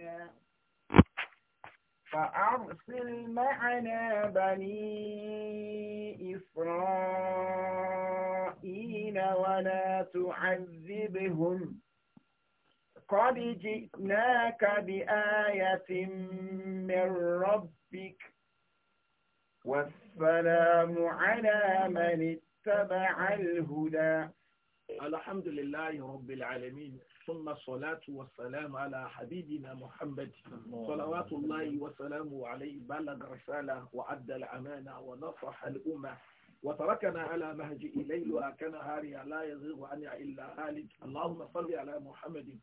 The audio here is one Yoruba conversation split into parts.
معنا فأرسل معنا بني إسرائيل ولا تعذبهم قد جئناك بآية من ربك والسلام على من اتبع الهدى الحمد لله رب العالمين ثم الصلاة والسلام على حبيبنا محمد صلوات الله وسلامه عليه بلغ رسالة وعد الأمانة ونصح الأمة وتركنا على مهج وكان هاريا لا يزيغ عنها إلا هالك اللهم صل على محمد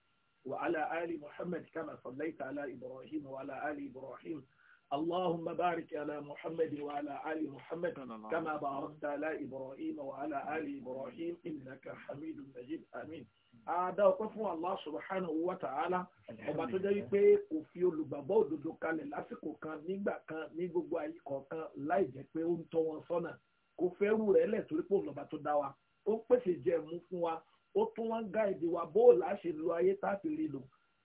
وعلى آل محمد كما صليت على إبراهيم وعلى آل إبراهيم اللهم بارك على محمد وعلى آل محمد كما باركت على إبراهيم وعلى آل إبراهيم إنك حميد مجيد آمين àádá ọpẹ́ fún Allah subhanahu wa ta'ala ọba tó jẹ́ wípé kò fi olùgbàgbọ́ òdodo kalẹ̀ lásìkò kan nígbà kan ní gbogbo ayé kọ̀ọ̀kan láì jẹ́ pé ó ń tọ́ wọn sọ́nà kò fẹ́rù rẹ̀ lẹ̀ torí pé òǹlọ́ba tó dá wa ó ń pèsè jẹ̀mú fún wa ó tún wọn gáìdì wa bóòlù àṣẹ lu ayé tá a fi rí lò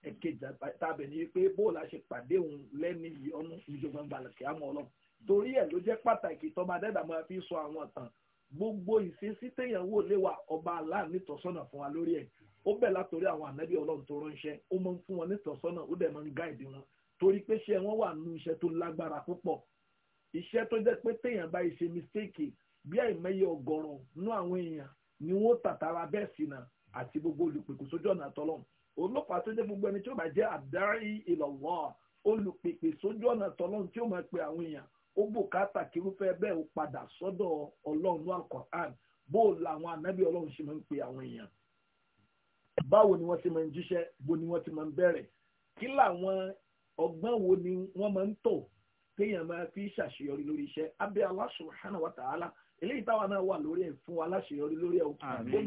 ẹ̀kejì tàbí ni pé bóòlù àṣẹ pàdé òun lẹ́ni ìyọnu ìjọba gbàlẹ̀kẹ́ àmọ́ ọlọ́run torí ẹ̀ ló jẹ́ pàtàkì tọ́ba dẹ́dà máa fi sọ àwọn tàn gbogbo ìṣesí téèyàn wò léwà ọba aláàánú ìtọ́sọ́nà fún wa lórí ẹ̀ ó bẹ̀ látòrí àwọn ànábì ọlọ́run tó ránṣẹ́ ó máa ń fún wọn nítọ́sọ́nà ó dẹ̀ máa ń gáìdì wọn torí pé ṣé wọ́n wà nínú iṣẹ́ tó lágbára púpọ̀ iṣẹ́ tó jẹ́ pé téèyàn bá ṣe mistake bí àìmọye ọgọ́rùn-ún nú àwọn èèyàn ni wọ́n tàtàrà bẹ́ẹ̀ sí náà àti gbogbo olùpẹ̀kùsójú ọ̀nà àtọ́lọ́run olọ́pàá tó jẹ́ gbogbo ẹni tí ó bá jẹ́ àdáyé ìlọ̀wọ́ olùpèpè sójú ọ̀nà tọ́lọ́run tí ó máa pe àwọn èèyàn ó bùkátà kírúfẹ́ bẹ́ẹ̀ ó padà sọ́dọ̀ ọlọ́run alkọ̀án bó làwọn anábì ọlọ́run ṣe máa ń pe àwọn èèyàn báwo ni wọ́n ti máa ń jíṣẹ́ ni wọ́n ti máa ń bẹ̀rẹ̀ kí làwọn wo ni wọ́n máa ń tọ̀ téèyàn máa fi ṣàṣeyọrí lórí iṣẹ́ abẹ́ Allah subhanahu wa eléyìí táwa náà wà lórí ẹ̀ fún wa láṣeyọrí lórí ẹ̀ ó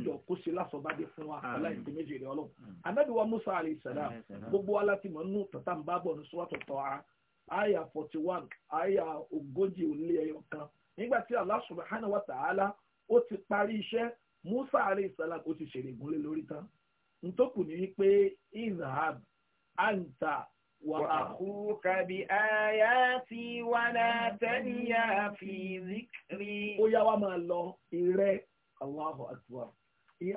jọ kó ṣe lásọ̀bádé fún wa aláìsí méjì rẹ̀ ọlọ́run anábì wa musa alayhi salam gbogbo wa láti mọ̀ nínú tata ń bá bọ̀ ní sọ́wọ́tò tọ́ a àyà forty one àyà ogójì ó lé ẹyọ kan nígbà tí Allah subhanahu wa ta'ala ó ti parí iṣẹ́ musa alayhi salam ó ti ṣèrè ìgúnlẹ̀ lórí tán ntòkù ní wípé izhab anta وأخوك بآياتي ولا تنيا في ذكري ó yá wa máa lọ ìrẹ́ Allahu Akbar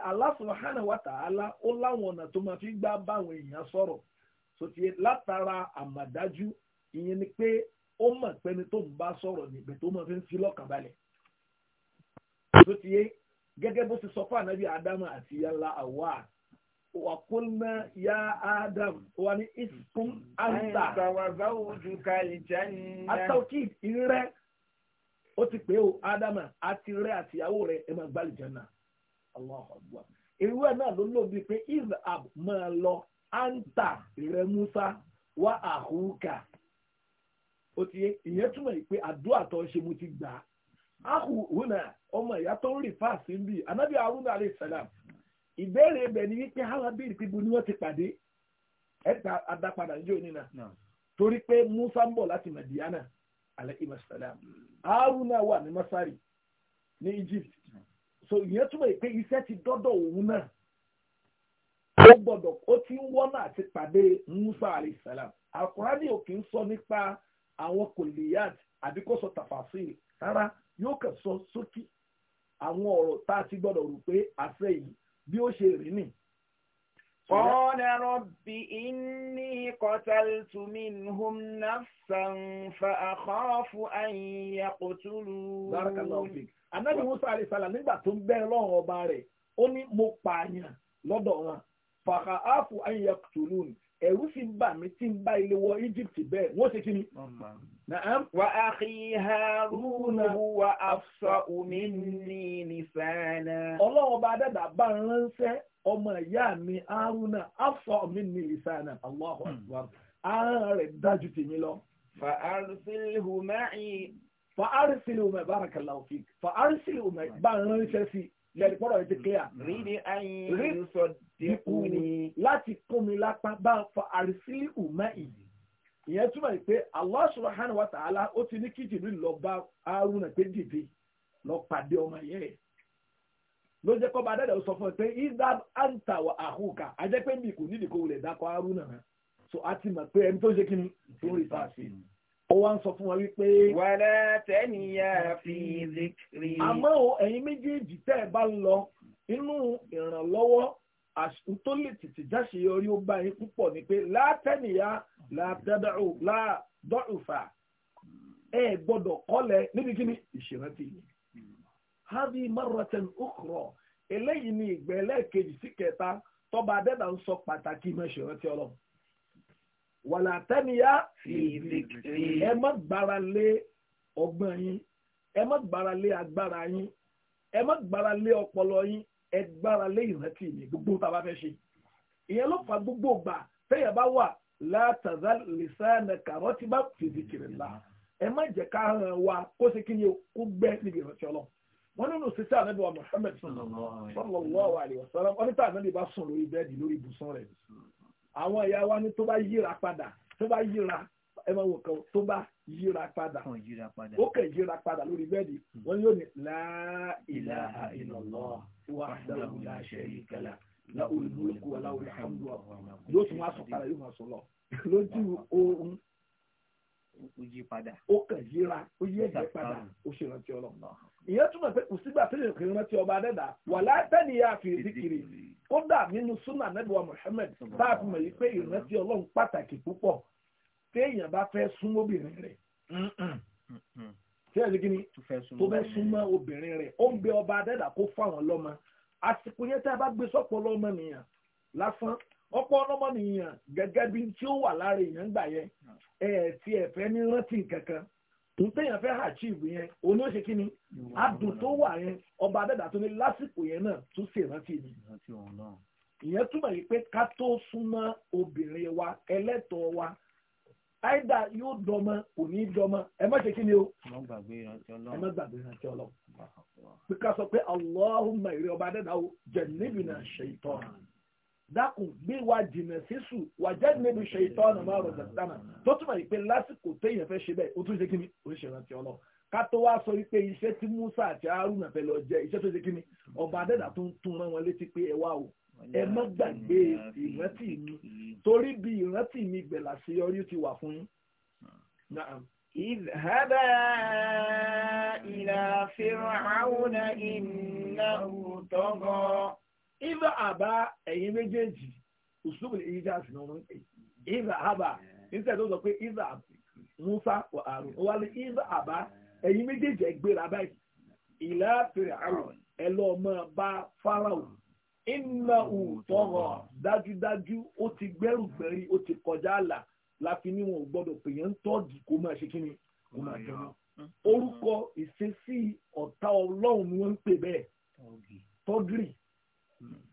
Allah subhanahu wa ta'ala ó láwọn ọ̀nà tó máa fi gbá báwọn èèyàn sọ̀rọ̀ sòtì látara àmàdájú ìyẹn ni pé ó mọ̀ pẹ́ni tó ń bá sọ̀rọ̀ níbẹ̀ tó máa fi ń fi lọ́kàn balẹ̀ sòtì gẹ́gẹ́ bó ti sọ fún ànábì Ádámù àti yàrá àwa àti وقلنا يا آدم ونئسكم أنت أنت وزوجك الجنة التوكيد إنرى ó ti pé o ádámà àti rẹ àtìyàwó rẹ ẹ máa gbálì jẹnà Allahu Akbar irú ẹ náà ló lóbi pé izab máa lọ áńtà rẹ Musa wá àhúkà ó ti yé ìyẹn túmọ̀ pé àdúrà tó ń ṣe mo ti gbà á àhùhùnà ọmọ ìyá tó ń rìn fáàsì ń bì anábì Haruna alayhi salam ìbéèrè ibẹ̀ ni wípé hawa bíi pípọ̀ ni wọ́n ti pàdé ẹ̀ta adápadà níjọ́ nínà torí pé Musa ń bọ̀ láti Madiana alayhi salam Haruna wà n'i Masari ní Egypt so ìyẹn túmọ̀ pé iṣẹ́ ti dọ́dọ̀ òun náà ó gbọ́dọ̀ ó ti ń wọ́nà àti pàdé Musa alayhi salam Al-Qur'ani ò kì í sọ nípa àwọn kòlíyàt àbí kó sọ tàfàṣìl rárá yóò kàn sọ sókí àwọn ọ̀rọ̀ tá a ti gbọ́dọ̀ rò pé àṣẹ yìí bí ó ṣe rí nì. Qala rabbi inni qataltu minhum nafsan fa akhafu an yaqtulun. Barakallahu fik. Ànábì Musa alayhi salam nígbà tó ń bẹ̀rẹ̀ lọ́rùn ọba rẹ̀, ó ní mo pààyàn lọ́dọ̀ wọn. Fa akhafu an yaqtulun. Ẹ̀rú sì ń bà mí tí ń bá ilé wọ Egypt bẹ́ẹ̀. Wọ́n ṣe kí ni? نعم وأخي هارون هو أفصأ مني لسانا الله bá dàda bá ń ránṣẹ́ ọmọ ìyá mi haruna أفصأ مني لسانا الله أكبر ahọ́n rẹ̀ dájú tèmi lọ. فأرسله معي فأرسله معي بارك الله فيك فأرسله معي bá ń ránṣẹ́ sí lẹ́yìn pọ́nrọ̀ ẹ̀ ti clear. rídi ayin sọ dẹ́kun ni. láti kún mi lápá bá fa àrísílì ùmá ìyí. ìyẹn túmọ̀ yìí pé Allah subhanahu wa ta'ala ó ti ní kí ní lọ bá Haruna pé dìde lọ pàdé ọmọ yẹn ló jẹ́ kọ́ bá sọ fún ẹ pé idab anta wa ahuka ajẹ́ pé mi a ti wá wípé. fi àmọ́ ẹ̀yin méjèèjì tẹ́ ẹ bá ń lọ inú ìrànlọ́wọ́ tó lè tètè jáṣeyọrí ó bá yín púpọ̀ ni pé látẹ̀nìyá látẹ̀dọ̀fà ẹ gbọ́dọ̀ kọ́lẹ̀ níbi kíni ìṣèrántí yìí. hábí marratan ukhra eléyìí ni ìgbẹ́ ẹlẹ́ẹ̀kejì sí kẹta tọ́ba adẹ́dà ń sọ pàtàkì ìmọ̀ ìṣèrántí ọlọ́run. wàlà tẹ́nìyá ẹ má gbára lé ọgbọ́n yín ẹ má gbára lé agbára yín ẹ má gbára lé ọpọlọ yín ẹ gbára lé ìrántí mi gbogbo tá a bá fẹ́ ṣe ìyẹn ló fa gbogbo gbà tẹ́yà bá wà látàzá lìsánà kàrọ́tì bá fìdí kiri la ẹ má jẹ́ ká hàn wá kó ṣe kí ni kó gbẹ níbi ìrántí ọlọ́run wọn nínú sísá ànábì wa Muhammad sallallahu alayhi wa sallam wọn níta ànábì bá sùn lórí bẹ́ẹ̀dì lórí ibùsùn rẹ̀ àwọn ìyá wa ní tó bá yíra padà tó bá yíra ẹ máa wò kàn tó bá yíra padà ó kẹ̀ yíra padà lórí bẹ́ẹ̀dì hmm. wọ́n yóò ní la ilaha illallah wahdahu la sharika lah láwùrì múlùkù wà láwùrì hàmdù yóò tún wá sọ padà yóò máa sọ lọ lójú oorun ó kẹ̀ yíra ó yí ẹ̀jẹ̀ padà ó ṣe rántí ọlọ́run ìyẹn túmọ̀ pé kò sígbà tó lè kiri rántí ọba dẹ́dà wà láìpẹ́ ni yà fi ìdíkiri kódà nínú súnà nẹ́bùwà Muhammad tá a fi mọ̀ yìí pé ìrántí ọlọ́run pàtàkì púpọ̀ téèyàn bá fẹ́ súnmọ́ obìnrin rẹ̀ tíyẹ̀ dígí ni tó fẹ́ súnmọ́ obìnrin rẹ̀ ó ń bẹ ọba adẹ́dà kó fáwọn lọ́mọ àsìkò yẹn tá a bá gbé sọ́pọ̀ lọ́mọ nìyàn lásán ọ̀pọ̀ ọlọ́mọ nìyàn gẹ́gẹ́ bí tí ó wà lára èèyàn gbà yẹn ẹ̀ tí ẹ̀ fẹ́ ní rántí kankan n téèyàn fẹ́ àchíìbù yẹn òní ó ṣe kí ni adùn tó wà yẹn ọba adẹ́dà tó ní lásìkò yẹn náà tún ṣèrántí mi ìyẹn túmọ̀ yìí pé ká tó súnmọ́ obìnrin wa ẹlẹ́tọ̀ọ́ wa àìdá yóò dọmọ òní dọmọ ẹ má ṣe kí ni o ẹ má gbàgbé ìrántí ọlọ pé ká sọ pé Allahumma ìrẹ ọba dẹ́dá o jannibna shaitan dákun gbé wa jìnà sísù wà jannib shaitan máa rọ̀ dàdánà tó túmọ̀ yìí pé lásìkò téèyàn fẹ́ ṣe bẹ́ẹ̀ ó tún ṣe kí ni ó ṣe ìrántí ọlọ ká tó wá sọ wípé iṣẹ́ tí Musa àti Haruna fẹ́ lọ jẹ iṣẹ́ tó ṣe kí ni ọba dẹ́dá tó ń tún rán wọn létí pé ẹ wá o ẹ má gbàgbé ìrántí mi torí bí ìrántí mi gbẹ̀là sí ọrí ti wà fún yín. اذهبا إلى فرعون إنه طغى إذا أبى ẹ̀yin méjèèjì usubul ijaz ni wọ́n ń pè ìzà àbá nígbà tó sọ pé ìzà musa wà àrùn wà ní ìzà àbá ẹ̀yin méjèèjì ẹgbẹ́ra báyìí ìlà fèrè àrùn ẹ lọ́ọ́ máa bá fáráò iná òtọ́rọ̀ dájúdájú ó ti gbẹ́rù gbẹ́rí ó ti kọjá àlà láti níwọ̀n ò gbọ́dọ̀ pè yẹn ń tọ́ọ̀gì kó máa ṣe kíni kó máa jẹun. Mm-hmm. orúkọ ìṣesí ọ̀tá ọlọ́run ni wọ́n ń pè bẹ́ẹ̀ tọ́gìrì mm-hmm.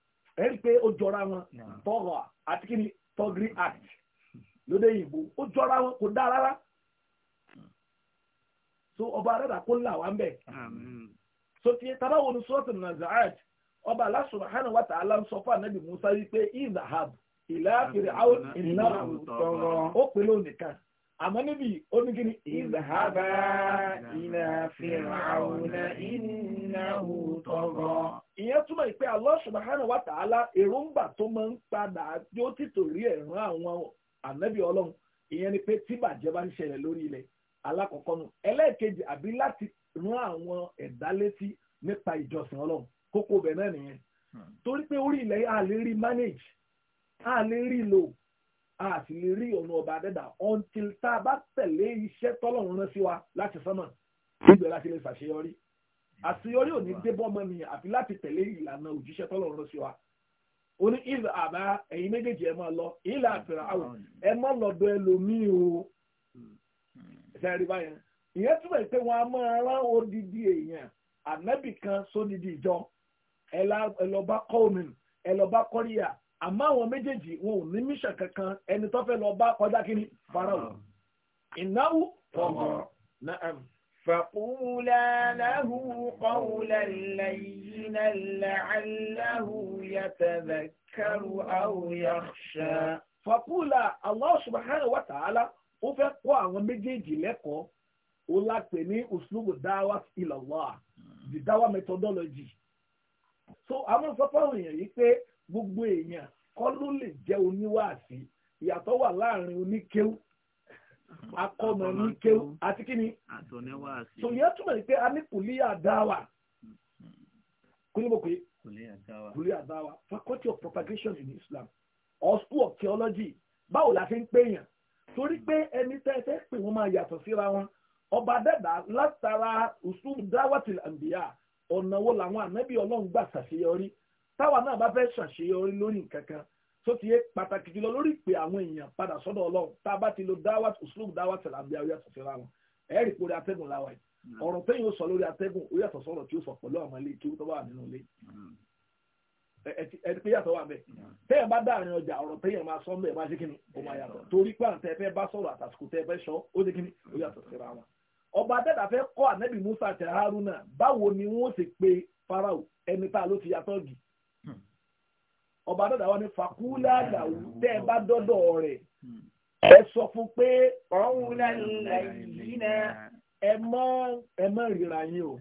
ẹ rí i pé ó jọra wọn tọ́rọ̀ àti kíni tọ́gìrì act lóde ìbò ó jọra wọn kò dáa rárá mm-hmm. so ọba rẹ̀ dà kó là wá ń bẹ̀ so tiẹ̀ tabawo ni sọ́ọ̀tì nàzàrẹ́tì ọba Allah subhanahu wa ta'ala ń sọ fún anabi musa wípé izahab ìlà Fir'aun iná àwùtọrọ ó pè lóun nìkan àmọ́ níbi oníkiri izahaba ìlà Fir'aun iná àwùtọrọ. ìyẹn túmọ̀ ìpè Allah subhanahu wa ta'ala èròǹgbà tó máa ń padà yóò ti torí ẹ̀rọ anabi ọlọ́run ìyẹn ni pé tí bàjẹ́ bá lori ile lórí ilẹ̀ alákọ̀ọ́kọ́ nù ẹlẹ́ẹ̀kejì àbí láti rán àwọn ẹ̀dá létí nípa ìjọsìn kókó bẹ̀ náà nìyẹn hmm. torí pé orí ilẹ̀ a lè rí manage a lè rí lò a sì lè rí ọ̀nà ọba dẹ́dà until tá a bá tẹ̀lé iṣẹ́ tọ́lọ́run rán sí wa láti sánmà nígbà láti lè ṣàṣeyọrí àṣeyọrí ò ní dé bọ́mọ mi àfi láti tẹ̀lé ìlànà òjíṣẹ́ tọ́lọ́run rán sí wa ó ní ìlà àbá ẹ̀yin méjèèjì ẹ̀ máa lọ ìlà àfẹ́rẹ́ àwọn ẹ̀ má lọ́dọ̀ ẹlòmíì o ṣe rí báyẹn ìyẹn túmọ̀ pé wọ́n á máa rán odidi èèyàn ànábì kan sódidi ìjọ ẹ lọ bá kọ́ọ̀mù ẹ lọ bá kọ́ríyà àmọ́ àwọn méjèèjì wọn ò ní mission kankan ẹni tó fẹ́ lọ bá kọjá kínní farao ìnáwó ọ̀gọ̀ náà. فقولا له قولا لينا لعله يتذكر أو يخشى فقولا الله سبحانه وتعالى ó fẹ́ kọ́ àwọn méjèèjì lẹ́kọ̀ọ́ ó lápè ní uslubu dáwà ilallah the dáwà methodology so àwọn sọ fáwọn èèyàn yìí pé gbogbo èèyàn kọ́ ló lè jẹ́ oníwàásí ìyàtọ̀ wà láàrin oníkéwù akọ́nà oníkéwù àti kíni so ìyẹn túmọ̀ sí pé a ní kùlíyà dáwà kúlíbòkè kùlíyà dáwà faculty of propagation in Islam or school of theology báwo la fi ń pè yàn torí pé ẹni tẹ́ ẹ fẹ́ pè wọ́n máa yàtọ̀ síra wọn ọba dẹ́dà látara usul dáwàtì àǹbíyà ọ̀nà wo làwọn ànábì ọlọ́run gbà ṣàṣeyọrí táwa náà bá fẹ́ ṣàṣeyọrí lórí nǹkan kan tó ti yé pàtàkì jùlọ lórí pé àwọn èèyàn padà sọ́dọ̀ ọlọ́run tá a bá ti lo dáwàt uslub dáwàt àlàbí àwọn yàtọ̀ síra wọn ẹ̀rì pé orí atẹ́gùn láwa yìí mm. ọ̀rọ̀ tẹ́yìn ó sọ lórí atẹ́gùn ó yàtọ̀ sọ̀rọ̀ tí ó sọ pẹ̀lú àwọn ilé ìkéwú tó wà nínú ilé mm. ẹni pé yàtọ̀ wà bẹ́ẹ̀ mm. tẹ́yìn bá dáàrin ọjà ọ̀rọ̀ tẹ́yìn máa sọ ń máa ṣe kíni ó máa yàtọ̀ torí pé àǹtẹ̀ fẹ́ bá sọ̀rọ̀ àtàsìkò tẹ́ fẹ́ sọ ó ṣe kíni ó yàtọ̀ síra wọn ọba adẹ́dà fẹ́ kọ́ ànábì Musa àti Haruna báwo ni wọ́n ṣe pe Farao ẹni tá a ló ti yàtọ̀ gì hmm. ọba adẹ́dà wa ni fakúlá làwù tẹ́ ẹ bá dọ́dọ̀ rẹ̀ hmm. ẹ sọ fún pé ọ̀hún hmm. nàìjíríà ẹ mọ́ ẹ yín o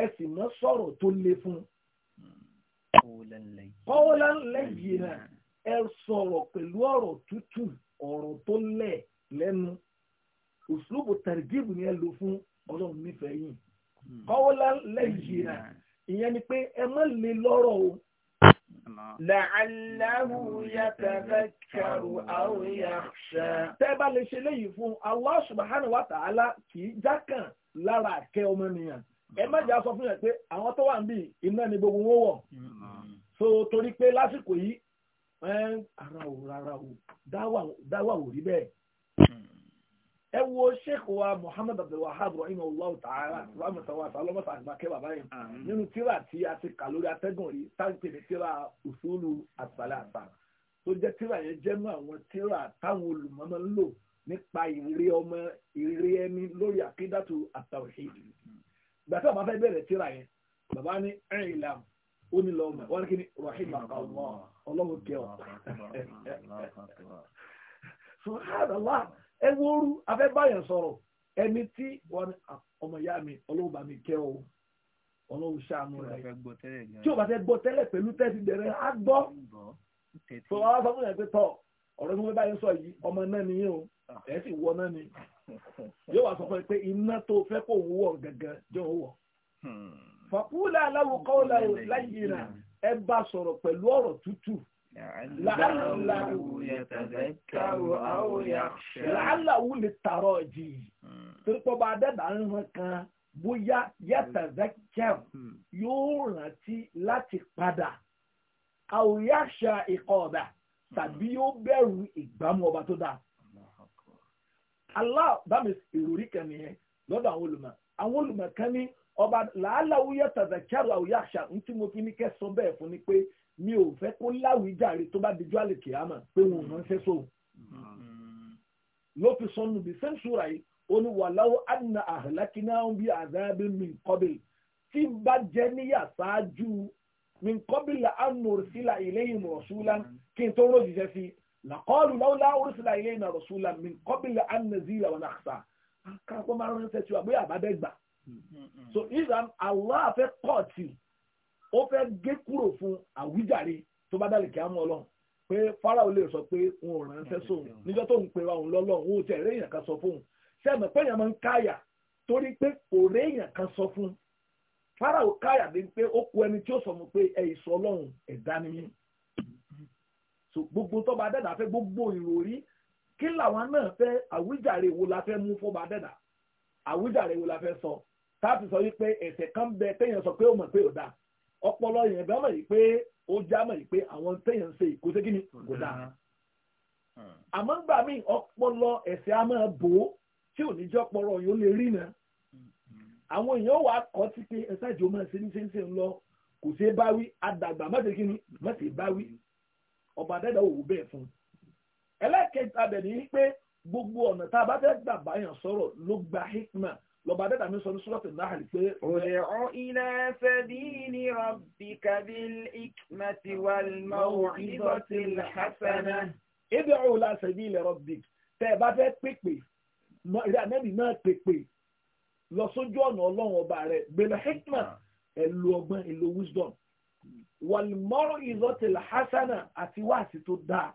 ẹ sì mọ́ sọ̀rọ̀ tó le fún kọ́wọ́lá lẹ́yìn náà ẹ sọ̀rọ̀ pẹ̀lú ọ̀rọ̀ tútù ọ̀rọ̀ tó lẹ̀ lẹ́nu òṣùlùbù tẹ̀rẹ̀gìbù yẹn lò fún ọlọ́run nífẹ̀ẹ́ yìí kọ́wọ́lá lẹ́yìn náà ìyẹn ni pé ẹ má lè lọ́rọ̀ o. làálàáhù yatadhakkaru aw yakhsha. tẹ́ bá lè ṣe léyìí fún Allah subhanahu wa ta'ala kì í jákàn lára àkẹ́ ọmọnìyàn ẹ má jà sọ fún yẹn pé àwọn tó wà níbí iná ni gbogbo wọn wọ̀ so torí pé lásìkò yìí ara ò rárá o dáwà ò rí bẹ́ẹ̀. Hmm ẹ wo sheikh wa muhammad abdulwahab rahimahullahu ta'ala rahmatulah ta'ala masa àgbàkẹ́ bàbá yẹn nínú tíra tí a ti kà lórí atẹ́gùn rí táǹkì ní tíra usulu as-salasa tó jẹ́ tíra yẹn jẹ́nu àwọn tíra táwọn olùmọ́mọ́ ń lò nípa ìrírí ọmọ ìrírí ẹni lórí àkídàtú at-tawhid gbàtà bàbá fẹ́ bẹ̀rẹ̀ tíra yẹn bàbá ní ẹ̀rìn ìlànà ó ní lọ́mọ wọn ní kí ni rahimahullah ọlọ́run kẹ́ ọ subhanallah. e wóoru afẹ́báyàn sọ̀rọ̀ ẹni tí ah, ọmọ ya mi ọlọ́run mi kẹ́ o ọlọ́run ṣàánú rẹ̀ tí o bá fẹ́ gbọ́ tẹ́lẹ̀ pẹ̀lú tẹ́sí bẹ̀rẹ̀ á gbọ́ tó wàá sọ fún yẹn pé ọ̀rọ̀ sọ yìí ọmọ náà nìyẹn o ah. ẹ̀ sì wọ náà ni yóò sọ fún pé iná tó fẹ́ kó gẹ́gẹ́ jẹ́ wọ̀ fàkúlẹ̀ aláwọ̀ kọ́ náà làálàwù yatadhakkaru aw yakhsha. làálàwù lè tààrọ̀ jì torí pé ọba adẹ́dà ń hàn kan bóyá yatadhakkaru yóò rántí láti padà aw yakhsha iqaba tàbí yóò bẹ̀rù ìgbàmù ọba tó dáa. Allah bámi ìròrí kan nìyẹn lọ́dọ̀ àwọn olùmọ̀ àwọn olùmọ̀ kan ní ọba làálàwù yatadhakkaru aw yakhsha ń tí mo fi ní kẹ́ sọ bẹ́ẹ̀ fún ni pé mi ò fẹ́ kó láwìíjàre tó bá dijú àlè kìámà pé wọn ò ránṣẹ́ sóhun ló fi sọnù bí sẹ́ńsúra yìí ó ní wàláwó àdínà àhàlákínà ń bí àdáàbí mi kọ́bìlì tí bá jẹ́ níyà ṣáájú mi kọ́bìlì àánú òrìṣìlà ìlẹ́yìn rọ̀ṣúlá kí n tó rọ́ jíjẹ́ sí làkọ́ọ̀lù láwùlá òrìṣìlà ìlẹ́yìn rọ̀ṣúlá mi kọ́bìlì àánú zílà wọn àṣà káàkó máa ránṣẹ́ tí wà bóyá àbádẹ́gbà so islam allah fẹ́ ó fẹ́ gé kúrò fún àwíjàre tó bá dàlẹ̀ kí á mú ọlọ́run pé Fáráò lè sọ pé òun ò ránṣẹ́ sóun mm-hmm. níjọ́ tó ń pe òun lọ́lọ́run òun tiẹ̀ réèyàn kan sọ fóun sẹ́mi pé èèyàn máa ń káyà torí pé kò réèyàn kan sọ fún Fáráò káyà bí pé ó ku ẹni tí ó sọ fún pé ẹ ìsọ ọlọ́run ẹ̀dá ni mí gbogbo tó bá dẹ́dà fẹ́ gbogbo ìròrí kí làwọn náà fẹ́ àwíjàre wo la fẹ́ mú fún bá dẹ́dà àwíjàre wo la fẹ́ sọ táàtì sọ wípé ẹ̀sẹ̀ kan bẹ téèyàn sọ pé ó mọ̀ pé ò dáa ọpọlọ yẹn bá mọ̀ yìí pé ó já mọ̀ yìí pé àwọn téèyàn ń ṣe kò sí kíni kò dáa hmm. àmọ́ gbà mí ọpọlọ ẹ̀sẹ̀ á máa bò ó tí ò ní jẹ́ ọpọlọ yìí ó lè rí náà àwọn èèyàn wà kọ́ sí pé ẹ̀sẹ̀ àjò máa ṣe ní ṣe ń ṣe ń lọ kò sí báwí àdàgbà má ṣe kíni má ṣe báwí ọba dẹ́dà òwú bẹ́ẹ̀ fún un ẹlẹ́kẹ̀ẹ́ta bẹ̀ ní pé gbogbo ọ̀nà tá a bá fẹ́ gbà báyàn sọ̀rọ̀ ló gba hikma lọ́ba dẹ́dà mi sọ ní sọ́lọ́tì náà pé. Ud'u ila sabili rabbika bil hikmati wal maw'izatil hasanah. Ud'u ila sabili rabbika tẹ́ ẹ bá fẹ́ pèpè rí ànábì náà pèpè lọ sójú ọ̀nà ọlọ́run ọba rẹ̀ gbẹlẹ̀ hikma ah. ẹ ọgbọ́n ẹ wisdom wal maw'izatil hasanah àti wáàsí tó dáa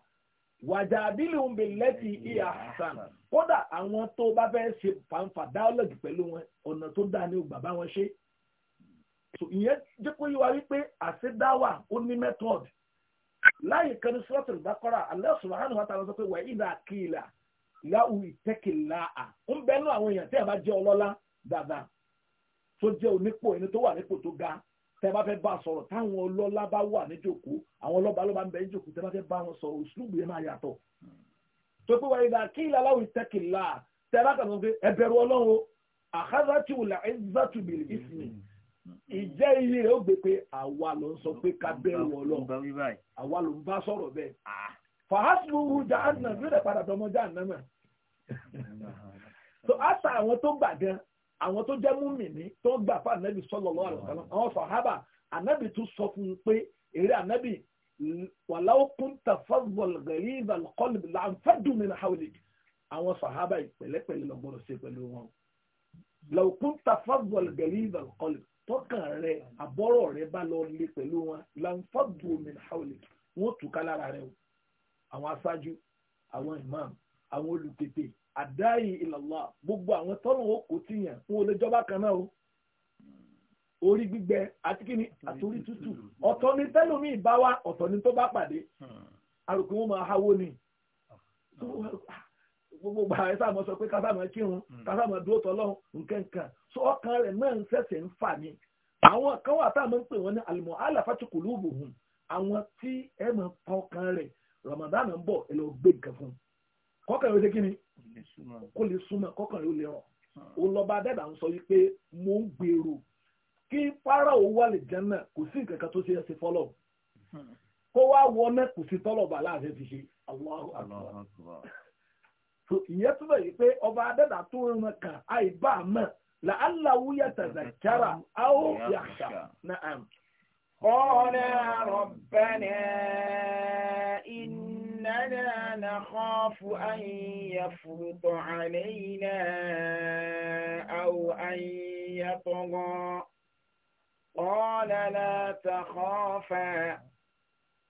wàjàdílù ń bè lẹ́tì ìyá hasan kódà àwọn tó bá fẹ́ ṣe fanfa dialogue pẹ̀lú wọn ọ̀nà tó dáa ní ògbà bá wọn ṣe. ìyẹn jẹ́ kó yíwa wípé àṣedáwà ó ní method láyé kan ní suratul baqara Allah subhanahu wa ta'ala sọ pé wà ìdá kìlà láwù ìtẹ́kìlá à ń bẹ́nu àwọn èèyàn tí a bá jẹ́ ọlọ́lá dáadáa tó jẹ́ onípò ẹni tó wà nípò tó ga tẹ́ bá fẹ́ bá sọ̀rọ̀ táwọn ọlọ́lá bá wà níjòkó àwọn ọlọ́ba ló bá ń bẹ níjòkó tẹ́ bá fẹ́ bá wọn sọ̀rọ̀ òṣùlùmí yẹn máa yàtọ̀ tó pé wáyé dà kí ìlà aláwọ̀ ìtẹ́kìlá tẹ́ bá kàtó pé ẹbẹ̀rù ọlọ́run àkàzàtì wùlà ẹ̀zàtùbì ìsìn ìjẹ́ iye rẹ̀ ó gbé pé àwa ló ń sọ pé ká bẹ̀rù ọlọ́run àwa ló ń bá sọ̀rọ̀ bẹ́ẹ̀ fàhásùlùmù jahannam so àtà àwọn tó àwọn tó jẹ́ múmìnì tó gbà fún ànábì sallallahu alaihi wasallam àwọn sàhábà ànábì tún sọ fún un pé èrè ànábì wàláwó kún tafọ́bọ̀l gẹ̀rí ìbàlùkọ́lù làǹfàdùn min hawlik àwọn sàhábà ìpẹ̀lẹ́pẹ̀lẹ́ lọ́gbọ́dọ̀ ṣe pẹ̀lú wọn làwọn kún tafọ́bọ̀l gẹ̀rí ìbàlùkọ́lù tọ́kàn rẹ àbọ̀rọ̀ rẹ bá lọ lé pẹ̀lú wọn làǹfàdùn min hawlik àdáyì ìlàlá gbogbo àwọn tọrọ ó kò tìyàn fún olè kan náà o orí gbígbẹ àti kíni àtúrí tútù ọ̀tọ̀ ni tẹ́lómi ìbá wa ọ̀tọ̀ ni tó bá pàdé àròkè wọn máa háwó ni gbogbo gba sọ pé kásá máa kírun kásá máa dúró tọ́lọ́ nkẹ́nkẹ́ so ọkàn rẹ̀ náà ń ṣẹ̀ṣẹ̀ ń fà ní àwọn kan wà tá a máa ń pè ní àlùmọ́ àwọn tí Ramadan ń bọ̀ ẹ lọ gbé fún kọ́kàn rẹ̀ kó lè súnmọ́ kọ́kànlẹ́ ó lè ràn ah. òun lọ́ba adẹ́dà ń sọ wípé mo ń gbèrò kí Fáráò wà lè jẹ́ náà kò sí nǹkan kan tó ṣe é ṣe fọ́lọ̀ hmm. kó wá wọ náà kò sí tọ́lọ̀ bá láàrin fi ṣe Allahu Akbar ìyẹn túbọ̀ yìí pé ọba adẹ́dà tó ń ràn kàn àìbá mọ̀ làálàwú yatazakara aw yakhsha na'am. قَالَا رَبَّنَا إِنَّنَا نخاف أن يفرط علينا أو أن يطغى قال لا تخافا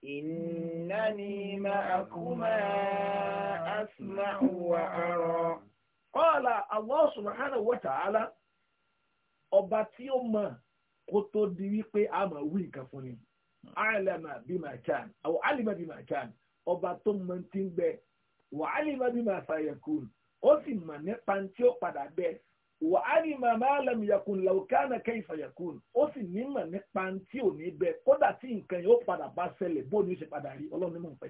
إنني معكما أسمع وأرى قال الله سبحانه وتعالى ọba tí ó mọ̀ kó tó di wípé a máa wí nǹkan fún ni alama bí àwọn alima bí ọba tó mọ ti ń bẹ wàhálì má bí màá fàyẹkùn ó sì mọ nípa tí ó padà bẹ wàhálì má má lẹnu yẹkùn làwùkánà kẹyì fàyẹkùn ó sì nímọ̀ nípa tí ò ní bẹ kódà tí nǹkan yóò padà bá ṣẹlẹ̀ bó ni ó ṣe padà rí Ọlọ́run ní mò ń pẹ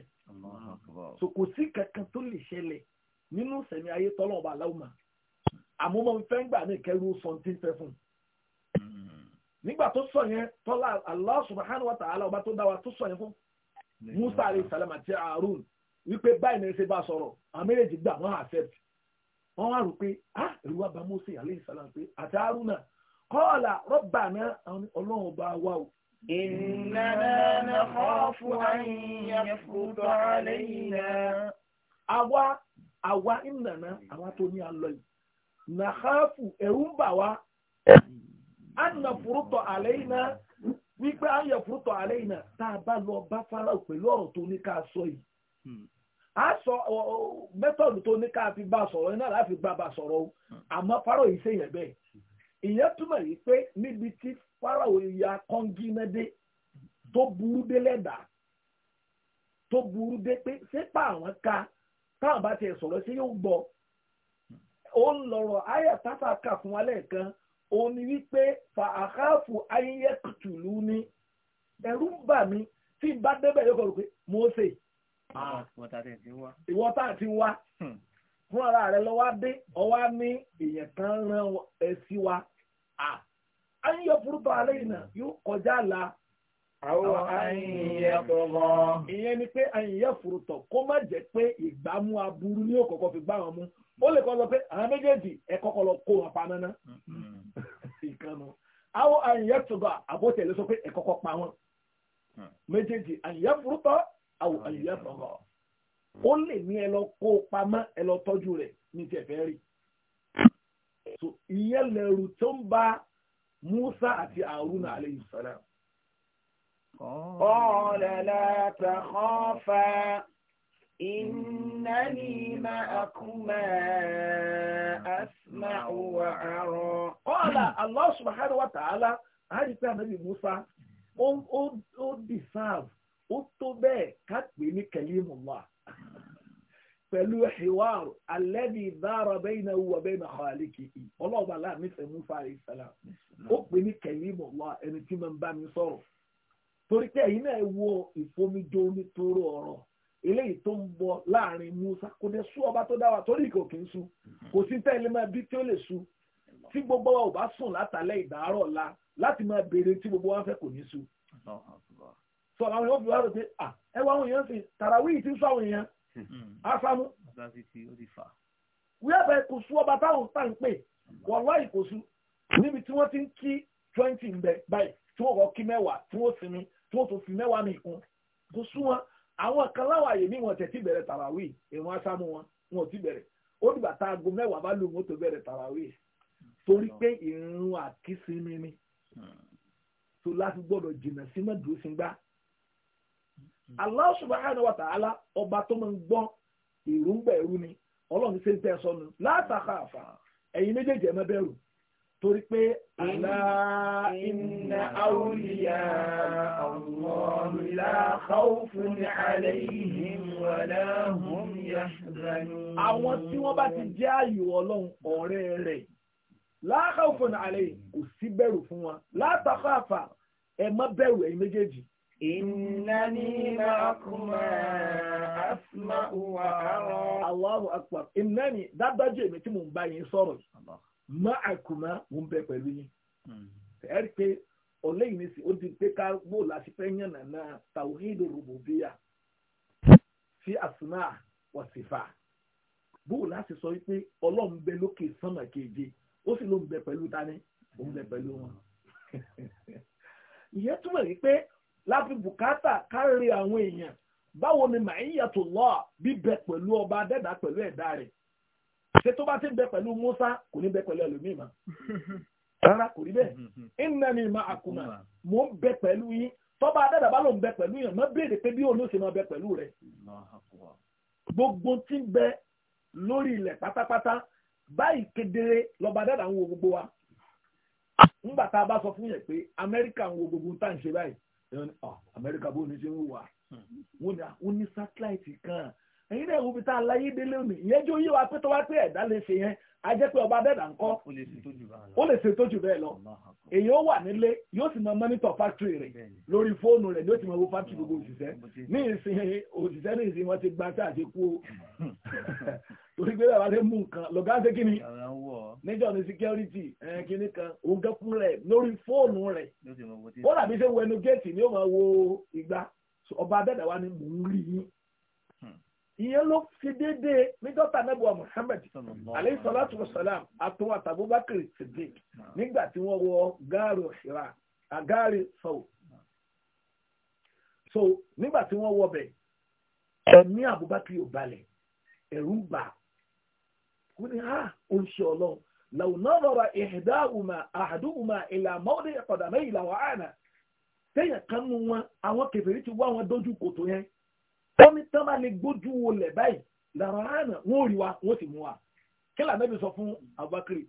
so kò sí kankan tó lè ṣẹlẹ̀ nínú sẹmi ayé tọlọ ọba aláwùmá àmọ́ mo fẹ́ ń gbà ní ìkẹrù sọ̀ǹtì fẹ́ fún un hmm. nígbà tó sọ yẹn tọ́lá Allah subhanahu wa ta'ala ọba tó dá wa tó sọ yẹn fún musa alayhi salam àti harun wípé báyìí ní ṣe bá sọ̀rọ̀ àwọn méjèèjì gbà wọ́n accept wọ́n wá rò pé ah èrò wa bá musa alayhi salam pé àti harun náà kọ́ọ̀là rọ́bà náà ọlọ́run bá wà o. ìnáná náà kọ́ fún àyìnyẹn fún tọ́ àlẹ́yìn náà. àwa àwa àwa tó ní alọ́ yìí nàkàfù ẹ̀rù bà wá. ànàfùrútọ̀ àlẹ́yìn náà. wípé anya ń yẹ fúrútọ̀ àlẹ́ tá a bá lọ bá Fáráò pẹ̀lú ọ̀rọ̀ tó ní ká sọ yìí hmm. a sọ mẹ́tọ̀dù tó ní ká fi bá sọ̀rọ̀ iná láti bá bá sọ̀rọ̀ o hmm. àmọ́ Fáráò yìí ṣe yẹn bẹ́ẹ̀ ìyẹn túmọ̀ yìí pé níbi tí Fáráò ya kọ́ngínádé tó burú dé lẹ́dà tó burú dé pé sépà àwọn ka táwọn bá tiẹ̀ sọ̀rọ̀ sí yóò gbọ́ hmm. ó ń lọ̀rọ̀ fún òun ni wípé fa àkáàfù ayẹyẹ tùlù ni ẹ̀rù ń bà mí tí bá débẹ̀ yóò kọ̀ rò pé Mósè ah, ìwọ tá a ti wá hmm. fún ara rẹ lọ́wọ́ dé ọwọ́ ní èèyàn kan rán ẹ sí wa ayẹyẹ ah. fúrúbà alẹ́ yìí náà yóò kọjá la. àwọn àyìnyẹ tọ̀gọ́. ìyẹn ni pé àyìnyẹ fòròtọ̀ kó má jẹ́ pé ìgbàmú aburú ní òkòkò fi gbá wọn mú ó lè pé àwọn méjèèjì ẹ kọ́kọ́ lọ kó wọn pa náná. ìkànnì àwọn àyìnyẹ ló sọ pé ẹ pa wọn. Mm-hmm. méjèèjì àyìnyẹ fòròtọ̀ àwọn àyìnyẹ tọ̀gọ́. ó lè ní ẹ lọ kó ẹ lọ ní ba Musa àti Aruna alayhi قال لا تخافا إنني معكما أسمع وأرى قال الله سبحانه وتعالى àárí pé ànábì Musa ó deserve ó tó كلمة الله. pè ní kalimullah pẹ̀lú hiwar alladhi dára bainahu wa baina khaliqihi ọlọ́ọ̀bà láàmì fẹ́ Musa alayhi salam ó pè ní kalimullah ẹni tí mo ń bá mi sọ̀rọ̀ torí pé ẹ̀yin náà wo ìfomijó nítorò ọ̀rọ̀ eléyìí tó ń bọ̀ láàrin Musa kò dé sú ọba tó dá wa torí ìkò kì í sú kò sí tẹ́lẹ̀ máa bí tí ó lè sú tí gbogbo wa ò bá sùn látàlẹ́ ìdárọ̀ la láti máa béèrè tí gbogbo wa fẹ́ kò ní sú. sọ àwọn èèyàn fi wá rò pé ẹ wá àwọn èèyàn sì tàràwíì ti ń àwọn èèyàn hmm. asamu wíyàbẹ̀ kò sú ọba táwọn tá ń pè wọ̀láì kò sú níbi tí wọ́n ti ń kí twenty ń bẹ báyìí tí wọ́n kọ́ kí mẹ́wàá tí wọ́n sinmi tí wọ́n tún fi mẹ́wàá mi kún kó sún wọn àwọn kan láwàyè ní wọn tẹ̀sí bẹ̀rẹ̀ tàràwí ìrún aṣáájú wọn wọn ò tí bẹ̀rẹ̀ ó dìgbà tá aago mẹ́wàá bá lù wọn tó bẹ̀rẹ̀ tàràwí torí pé ìrún àkísínmi ni tó láti gbọ́dọ̀ jìnnà sí mẹ́dùú sí gbá. Allah subhanahu wa ta'ala ọba tó máa ń gbọ́ ìrúngbẹ̀rú ni ọlọ́run ṣe ń tẹ́ sọnù látàkà àfà ẹ̀yin méjèèjì ẹ̀ mẹ́bẹ̀rù torí pé àlá iná àwùlíyà ọ̀wọ́n láàkáwùfù ní alẹ́ ìhìn wọ̀lá hùn yá zanú. Àwọn tí wọ́n bá ti jẹ́ ààyò ọlọ́run ọ̀rẹ́ rẹ̀ láàkáwùfù ní alẹ́ yìí kò sí bẹ̀rù fún wọn látàkàfà ẹ má bẹ̀rù ẹ̀yin méjèèjì. Ìnáni máa kúmọ̀ asma'u wa ara. Allahu akbar. dábàjọ́ èmi tí mò ń bá yín sọ̀rọ̀ Ma akuma mo ń bẹ pẹ̀lú yín hmm. ẹ rí i pé ọ̀lẹ́ yìí nìsí ó di pé ká bó láti fẹ́ yàn nàna tàwíìdì rògbòbíyà sí àsùnà wọ̀sífà bó láti sọ wípé ọlọ́run lókè sánmà keje ó sì ló ń bẹ pẹ̀lú tani ó ń bẹ pẹ̀lú wọn. ìyẹn túmọ̀ sí pé láti bùkátà kárí àwọn èèyàn báwo ni màá yàtọ̀ lọ́ọ̀ bíbẹ pẹ̀lú ọba adẹ́dà pẹ̀lú ẹ̀dá rẹ̀ ṣe tó bá ti bẹ pẹ̀lú Musa kò ní bẹ pẹ̀lú ẹlòmíì mọ́ rárá kò rí bẹ́ẹ̀ mm-hmm. innani ma'akuma mò mm-hmm. ń bẹ pẹ̀lú yín tọ́ba adẹ́dàbá ló ń bẹ pẹ̀lú yẹn mọ́ béèrè pé bí olóṣè máa bẹ pẹ̀lú rẹ̀ gbogbo tí ń bẹ lórí ilẹ̀ pátápátá báyìí kedere lọ́ba adẹ́dà ń wo gbogbo wa ńgbà tá a bá sọ fún yẹn pé Amẹ́ríkà ń wo gbogbo tá à ṣe báyìí ah, Amẹ́ríkà bó ni ṣe ń wò wá hmm. wọ́n ní ah, sátáláìtì kan èyí náà wo bí tá a láyé délé òní ìyẹn jó yíwa pé tó wá pé ẹ̀dá lè ṣe yẹn a jẹ́ pé ọba dẹ́dà ń kọ́ ó lè ṣètò jù bẹ́ẹ̀ lọ èyí ó wà nílé yóò sì mọ mọ́nítọ̀ fáktírì rẹ̀ lórí fóònù rẹ̀ ni ó ti mọ owó fáktírì gbogbo òṣìṣẹ́ ní ìsìn òṣìṣẹ́ ní ìsìn wọn ti gba tí àti kú torí pé bàbá lè mú nǹkan lọ́gá ṣe kí ni níjọ ní security kíní kan òun gẹ́kún rẹ̀ lórí fóònù rẹ̀ ó làbí ṣe wẹnu géètì ni ó máa wo ìgbà ọba dẹ́dà ni mò ń rí yín ìyẹn ló fi déédéé nígbàtà nẹ́bùwà Muhammad alayhi salatu wa salam àtúnwò àtàbúbákiri Siddiq nígbà tí wọ́n wọ gáàrí òṣìrà àgáàrí sọ̀wọ́ so nígbà tí wọ́n wọbẹ̀ ẹ̀mí Abubakar ò balẹ̀ ẹ̀rù ń bà kú ni ha ah, ó ń ṣe ọlọ́run law nadara ihdahuma ahaduhuma ila mawdi' qadamay lawa'ana téèyàn kan nu wọn àwọn kèfèrí ti wá wọn dójú kòtò yẹn wọ́n ní tán bá lè gbójú wo lẹ̀ báyìí làrá àná wọ́n ò rí wa wọ́n sì mú wa kí lànà bí sọ fún Abubakar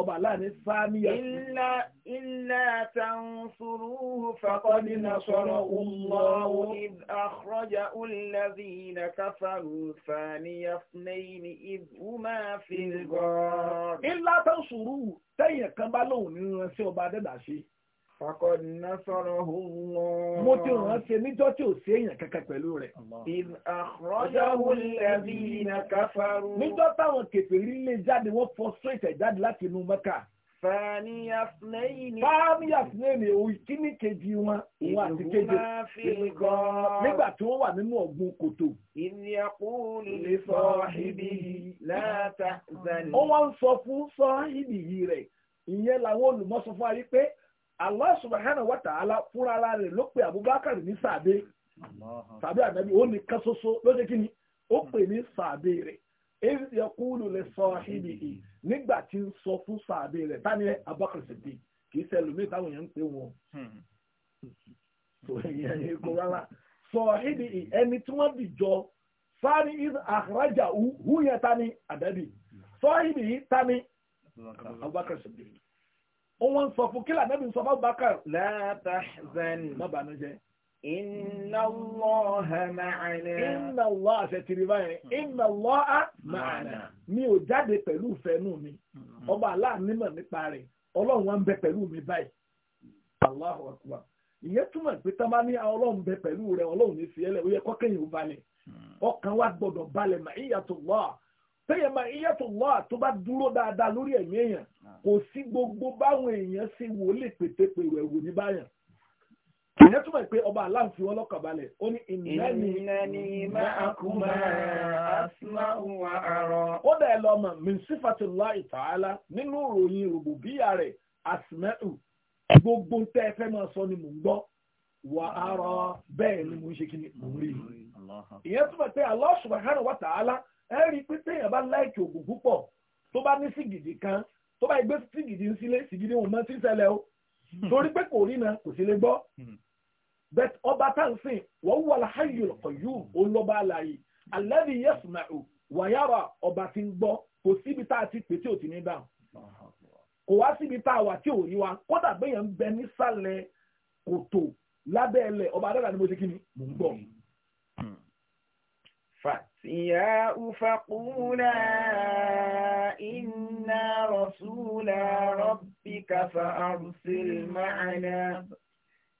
ọba aláàánú sáníyà. ilà ilà tansuruhu faqad nasarahu Allahu idh akhrajahu alladhina kafaru thaniya ithnayni idh huma fil ghar. ilà tansuruhu tẹ̀yìn kan bá lóun ní ránṣẹ́ ọba adẹ́dàṣe. Fakọd nasarahu Allah. Mo ti ràn án ṣe níjọ́ tí ò sí èèyàn kankan pẹ̀lú rẹ̀. Iz akhrajahu alladhina kafaru. Níjọ́ táwọn kèfèrí lè jáde wọ́n fọ straight ẹ̀ jáde láti inú Mẹ́kà. Fàníyà Fúnẹ́yìn. Fàníyà Fúnẹ́yìn òun kíní kejì wọn. Òun àti kejì. Nígbà tí wọ́n wà nínú ọ̀gbun kòtò. Ìní àkúlù lè sọ ibi yìí látà zani. Ó wá ń sọ fún sọ ibi yìí rẹ̀. Ìyẹn làwọn olùmọ̀sọ fún wa yìí pé Allah subhanahu wa ta'ala fúnra ara rẹ̀ ló pe Abubakar ní sàbẹ̀ sàbẹ̀ ànábì ó ní kan ṣoṣo ló ṣe kí ni ó pè ní sàbẹ̀ rẹ̀ èyí yaqulu li sahibihi nígbà tí ń sọ fún sàbẹ̀ rẹ̀ tani Abubakar Siddiq kì í sẹ́lu mi táwọn èèyàn ń pè wọ́n hmm. ìyẹn kò rárá ẹni tí wọ́n dìjọ sani is akhraja hu yẹn tani ànábì sahibihi tani Abubakar Siddiq. ó wọ́n sọ kila kílà nẹ́bí sọ fún Bakar. la tahzan. má inna inna ma'ana. mi ò jáde pẹ̀lú mi mm-hmm. ọba aláàmímọ̀ wa ń bẹ pẹ̀lú mi báyìí. Allahu akbar. ìyẹn túmọ̀ pé a ní ọlọ́run bẹ pẹ̀lú rẹ̀ ọlọ́run ní fiẹ́lẹ̀ ó yẹ kọ́kẹ́yìn ó balẹ̀ mm. ọkàn wa gbọ́dọ̀ balẹ̀ mà ìyàtọ̀ tẹ́yẹ̀ máa iye tó lọ́ àtó bá dúró dáadáa lórí ẹ̀mí èèyàn ah. kò sí gbogbo báwọn èèyàn ṣe wò lè pètèpè ẹ̀wò ní báyàn. ìyẹn túmọ̀ pé ọba aláǹfin wọn lọ́kàn balẹ̀ ó ní ìnáni máàkùmá asmáhù wa àrọ. ó dà ẹ lọ́mọ mísífàtìlá ìtàhálà nínú ìròyìn rògbòbíyà rẹ̀ gbogbo tẹ́ ẹ fẹ́ máa sọ ni mò ń gbọ́ wà àrọ bẹ́ẹ̀ ni mò ń ṣe kí ẹ rí i pé téèyàn bá láìkì ògùn púpọ̀ tó bá ní sìgìdì kan tó bá gbé sìgìdì ń sílé sìgìdì òun mọ tí ń ṣẹlẹ̀ o hmm. torí pé kò rí na kò sí lè gbọ́ hmm. bẹ́t ọba tá à ń sìn wọ́n wà láàyè ọ̀yù olọ́ba àlàyé alẹ́bí yẹ́sùmáù ọba ti ń gbọ́ kò síbi tá a ti pè tí ò ti ní dáhùn kò wá síbi tá a wà tí ò rí wa kódà béèyàn ń bẹ nísàlẹ̀ kòtò lábẹ́ ẹlẹ̀ ọba adára ni mo ṣe kí ni mò ń gbọ́. Hmm. فأسياء فقولا إنا رسولا ربك فأرسل معنا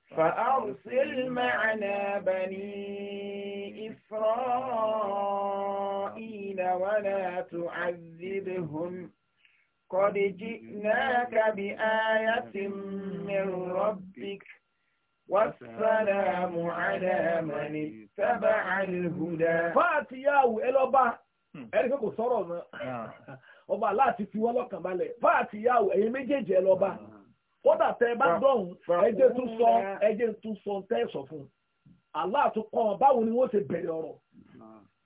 فأرسل معنا بني إسرائيل ولا تعذبهم قد جئناك بآية من ربك wàsálàmù àdàmàní sábà àlùhùdà. fáàtì yáwù ẹ lọ́ba ẹni pé kò sọ̀rọ̀ náà ọba láti fi wọ́n lọ́kàn balẹ̀ fáàtì yáwù ẹ̀yin méjèèjì ẹ lọ́ba kódà tẹ bá dọ̀hún ẹjẹ tún sọ ẹjẹ tún sọ tẹ sọ fún un tún kọ́ wọn báwo ni wọ́n ṣe bẹ̀rẹ̀ ọ̀rọ̀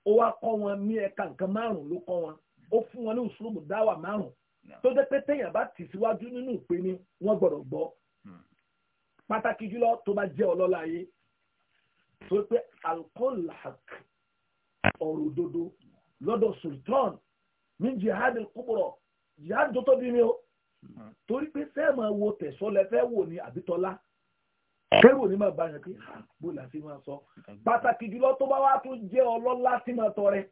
ó wá kọ́ wọn ní ẹ̀ka nǹkan márùn-ún ló kọ́ wọn ó fún wọn ní òṣùlùmù dáwà márùn-ún tó jẹ́ pé téèyàn bá tì síwájú nínú ìpè ni wọ́n gbọ́dọ̀ gbọ́ pàtàkì jùlọ tó bá jẹ́ ọlọ́lá ayé tó pé alkolhak ọ̀rọ̀ òdodo lọ́dọ̀ sultan ní jihad kubro jihad tó tóbi ni o torí pé fẹ́ẹ̀ máa wo tẹ̀sọ́lẹ̀ fẹ́ wò ní àbítọ́lá kẹ́rù ní máa bá yẹn pé bó la sí máa sọ pàtàkì jùlọ tó bá wá tún jẹ́ ọlọ́lá tí máa tọrẹ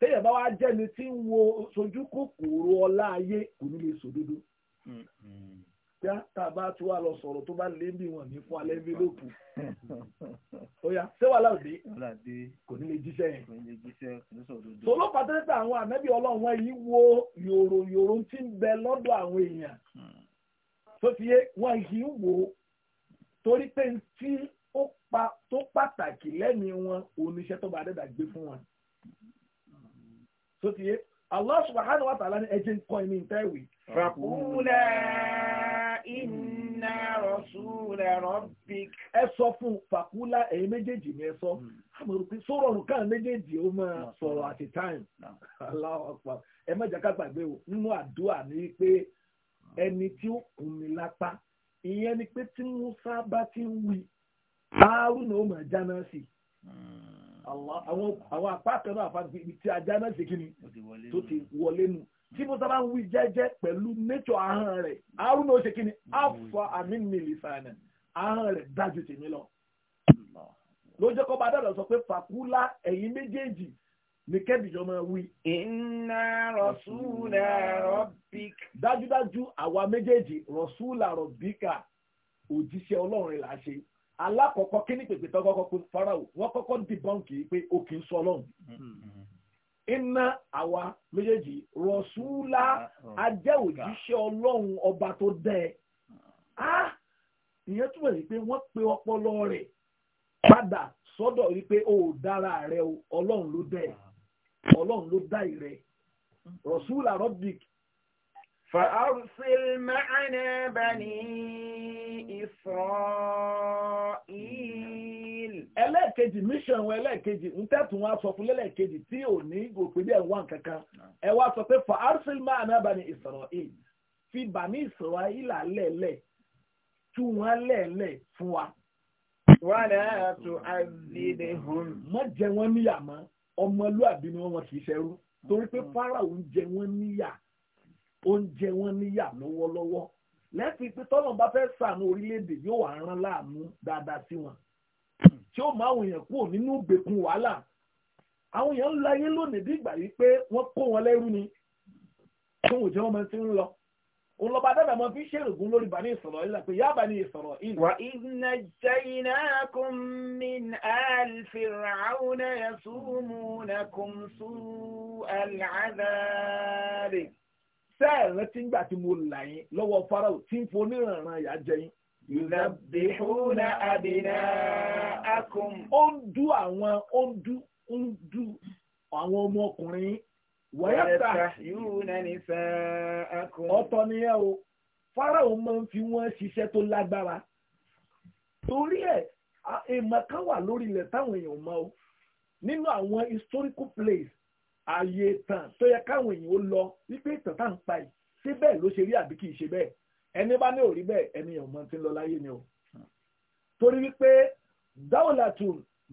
téèyàn bá wá jẹ́ ni tí ń wo sojú kòkòrò ọlá ayé kò ní lè sòdodo yá tá a bá tí wàá lọ sọ̀rọ̀ tó bá lé bí wọn ní fún alẹ́ envelope ó yá ṣé wàhálà òde kò ní lè jíṣẹ́ yẹn tó ló pàtẹ́tẹ́ àwọn ànábì ọlọ́run yìí wo yòrò yòrò tí ń bẹ lọ́dọ̀ àwọn èèyàn hmm. tó fi yé wọn yìí wò ó torí pé tí ó pàtàkì lẹ́mìí wọn oníṣẹ́ tó bá dẹ́dà gbé fún wọn hmm. tó fi yé Allah subhanahu wa ta'ala ní ẹjẹ ń kọ́ ẹni ìtẹ́wìí fàkúlẹ̀ iná rọ̀ṣúlẹ̀ rọ̀bì. ẹ sọ fún fàkúlà ẹ̀yin méjèèjì ni ẹ sọ hmm. amòròpé sọ̀rọ̀ ọ̀rùn káà méjèèjì ó máa hmm. sọ̀rọ̀ at a time hmm. aláwọ̀ pa ẹ má jà ká gbàgbé o nínú àdúrà ni pé ẹni tí ó kùn mí lápá ìyẹn ni pé tí Musa bá ti ń wí Haruna ó máa jáná sí i àwọn apá kan náà àfa ibi tí ajá náà ṣe kí ni tó ti wọlé nu tí musa bá ń wí jẹ́jẹ́ pẹ̀lú nature ahọ́n rẹ̀ haruna ó ṣe kí ni afa amin milisana ahọ́n rẹ̀ dájú tèmi lọ. ló jẹ́ kó bá dàdà sọ pé fàkúlà ẹ̀yin méjèèjì ní kẹ́bìjọ́ máa wí. iná rọ̀ṣúlà rọ̀bíkà. dájúdájú àwa méjèèjì rọ̀ṣúlà rọ̀bíkà òjíṣẹ́ ọlọ́run là á ṣe alákọ̀ọ́kọ́ kí ni pèpè tó kọ́kọ́ faraó wọ́n kọ́kọ́ dìbọn kì í pé ó kì í sọ ọlọ́run. Hmm iná àwa méjèèjì rọ̀ṣúlá ajẹ́ ah, òjíṣẹ́ ọlọ́run ọba tó dẹ́ ẹ ìyẹn túbọ̀ sí pé wọ́n pe ọpọlọ rẹ̀ padà sọ́dọ̀ wípé o ò dára rẹ o ọlọ́run ló dẹ́ ọlọ́run ló dá ìrẹ rọ̀ṣúlá rọ́bìk. فأرسل معنا بني إسرائيل ele ẹlẹ́ẹ̀kejì mission wọn ẹlẹ́ẹ̀kejì ń wọn aṣọ fún lẹ́lẹ́ẹ̀kejì tí ò ní òpè bí ẹ̀wọ̀n kankan ẹ wá sọ pé for arsil máa ní abàní Israel fi bàní Israel lẹ́ẹ̀lẹ́ tú wọn lẹ́ẹ̀lẹ́ fún wa. wàlẹ́ àtò àzìdè hàn. má jẹ wọn níyà ọmọlúàbí ni wọn ṣẹrú torí pé mm-hmm. ń jẹ wọn níyà ó ń jẹ wọn níyà pé tọ́lọ̀ bá fẹ́ tí ó máa wòyàn kúrò nínú ìgbèkùn wàhálà àwọn èèyàn ń láyé lónìí bí ìgbà yìí pé wọ́n kó wọn lẹ́rú ni fún òjò ọmọ tí ń lọ olọba dada mọ fi ṣèrògùn lórí bani Isra'ila pé yá bani Isra'ila. wa idna jaynakum min al fir'auna yasumunakum su'al adhab. sẹ́ẹ̀rẹ́ tí ń gbà tí mo là yín lọ́wọ́ Fáráò tí ń foníranran yà jẹ yín. Yùzàbíhúnà àbìnà akùn. Ó ń dú àwọn ó ń dú ó ń dú àwọn ọmọkùnrin. Wọ́yẹ́ta yúna nìsa akùn. Ọ̀tọ̀ nìyẹn o. Fáráò máa ń fi wọ́n ṣiṣẹ́ tó lágbára. Torí ẹ̀, èèmọ̀ kan wà lórí ilẹ̀ táwọn èèyàn mọ̀ o. Nínú àwọn historical place, ààyè ìtàn tó yẹ káwọn èèyàn ó lọ wípé ìtàn tá à ń pa yìí. Ṣé bẹ́ẹ̀ ló ṣe rí àbí kìí ṣe bẹ́ẹ̀? ẹni bá ní òrí bẹ́ẹ̀ ẹni ọmọ tí ń lọ láyé ni o torí wípé dáwọ̀làtù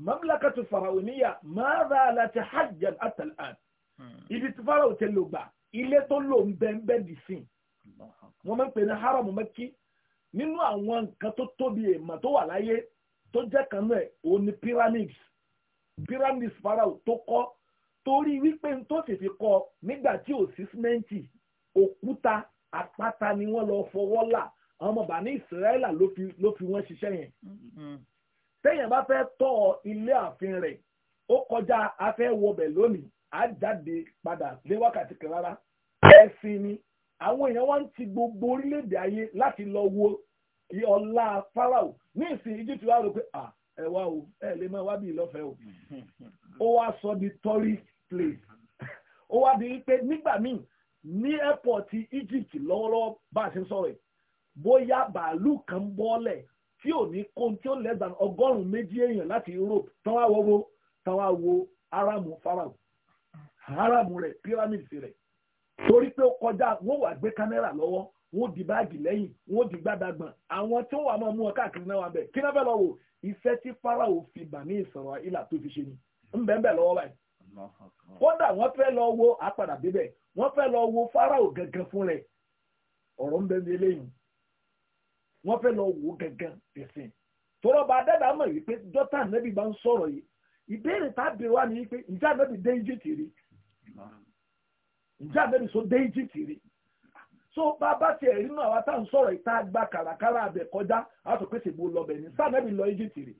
mamlakatu farawuniya mara alati hajjan atalan hmm. ibi tí farao tẹ lò gbà ilé tó lò ń bẹ ń bẹ dì sí wọn máa ń pè ní haram mẹ́kí nínú àwọn nǹkan tó tóbi èèmọ̀ tó wà láyé tó jẹ́ kan náà òun ni pyramids pyramids farao tó kọ́ torí wípé tó sì fi kọ́ nígbà tí ò sí símẹ́ǹtì òkúta àpáta ni wọ́n lọ fọwọ́ là àwọn ọmọ bàní ìsirẹ́là ló fi wọ́n ṣiṣẹ́ yẹn mm-hmm. téèyàn bá fẹ́ tọ́ ilé ààfin rẹ̀ ó kọjá afẹ́ wọbẹ̀ lónìí á jáde padà lé wákàtí kan rárá ẹ̀sìn ni àwọn èèyàn wá ń ti gbogbo orílẹ̀-èdè ayé láti lọ wo ọlá Fáráò ní ìsìn Egypt wá rò pé à ẹ wá o ẹ lè máa wá bí ìlọ́fẹ̀ẹ́ o ó wá sọ di tourist place ó wá di pé nígbà míì ní airport Egypt lọ́wọ́lọ́wọ́ bá sọrọ ṣe ń sọ̀rọ̀ bóyá bàálù kan ń tí ò ní kó tí ó less ọgọ́rùn-ún méjì èèyàn láti Europe tán wá wọ́wọ́ tán wá wo aramu farao aramu rẹ̀ rẹ̀ torí pé ó kọjá wọ́n wà gbé kámẹ́rà lọ́wọ́ wọ́n di báàgì lẹ́yìn wọ́n di àwọn tí wọ́n wà máa mú káàkiri náà wà bẹ́ẹ̀ kí náà wọ́n fẹ́ lọ wo Fáráò gangan fún rẹ̀ ọ̀rọ̀ ń bẹ́ẹ̀ lẹ́yìn wọ́n fẹ́ lọ wo gangan tẹ̀sìn tọ́rọ̀ bá dẹ́dà mọ̀ wípé dọ́tà nẹ́bí bá ń sọ̀rọ̀ yìí ìbéèrè tá a bèrè wá ní wípé ìjà nẹ́bí dé Egypt rí ìjà nẹ́bí so dé Egypt rí so bàbá tiẹ̀ rí náà wá tá à ń sọ̀rọ̀ ìta gba kàràkàrà abẹ kọjá a sọ pé ṣègbó lọbẹ̀ ní sáà lọ Egypt rí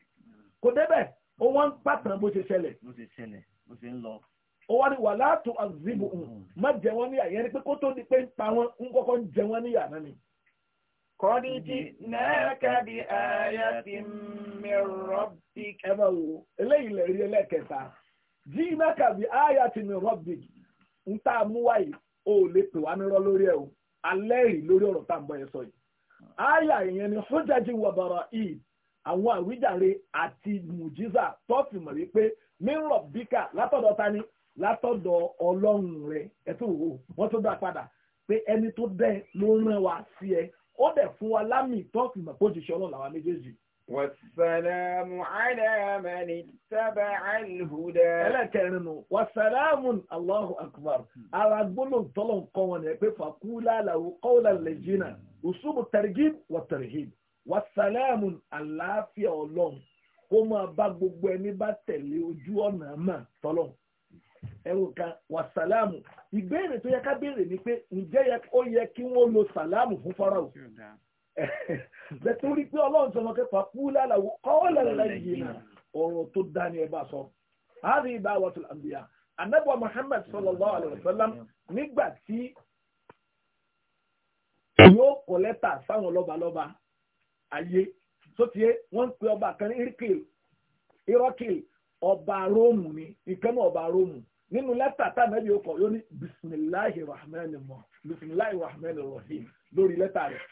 kò débẹ̀ ó wọ́n pàtàn bó ṣe ṣẹlẹ̀ bó ṣe ṣẹlẹ̀ bó ṣe ń lọ ó wá ní wà látò mm-hmm. má jẹ wọn ni pé kó tó di pé ń pa wọn ń ń jẹ wọn ni. kọ́ni jí náà kábi àyà ti mi rọ́bì. ẹ máa wo eléyìí lè rí ẹlẹ́kẹta jí náà o ò lè pè wá nírọ́ lórí ẹ o alẹ́ yìí lórí ọ̀rọ̀ tá à ń yẹn sọ yìí. ìyẹn ni wà bàrà látọ̀dọ̀ ọlọ́run rẹ ẹ tó wò wọ́n tó dá padà pé ẹni tó dẹ́ ló rán wa sí ẹ ó dẹ̀ fún wa lámì tọ́ọ̀kì mọ̀ kó jìṣẹ́ ọlọ́run làwa méjèèjì. wàsálàmù àdàmẹ́ni sábà àlùhùdà. ẹlẹ́kẹ̀rin nù wàsálàmù Allahu akbar ara gbólóhùn tọ́lọ̀ nǹkan wọn ni pé fàkúlà làwọn kọ́ọ̀lá lẹ́jìnà usubu targhib wa tarhib wàsálàmù àlàáfíà ọlọ́run kó máa bá gbogbo ẹni bá tẹ̀lé ojú ọ̀nà àmà tọ́lọ́run ẹ̀rù kan wà sàlámù ìbéèrè tó yẹ ká béèrè ni pé ǹjẹ́ ó yẹ kí wọ́n lo sàlámù fún Fáráò bẹ́tẹ̀ orí pé ọlọ́run sọ̀rọ̀ kẹfà kú lálàwọ̀ kọ́ọ̀lẹ̀ lẹ́yìn ọ̀rọ̀ tó dání ẹ bá sọ. Hàrí ìbá wa tún àbíyá. Anábọ̀ Muhammad sallallahu alaihi wasallam nígbà tí yóò kọ lẹ́tà sáwọn lọ́balọ́ba ayé tó tiẹ̀ wọ́n ń pe ọba kan ní Irkil, Irọ́kil, ọba Róòmù ni, ìkẹ́nu ọba Róòmù nínú lẹ́tà tánàbí ó kọ̀ yóò ní bisimilahi rahman mọ̀ bisimilahi rahman rahim lórí lẹ́tà rẹ̀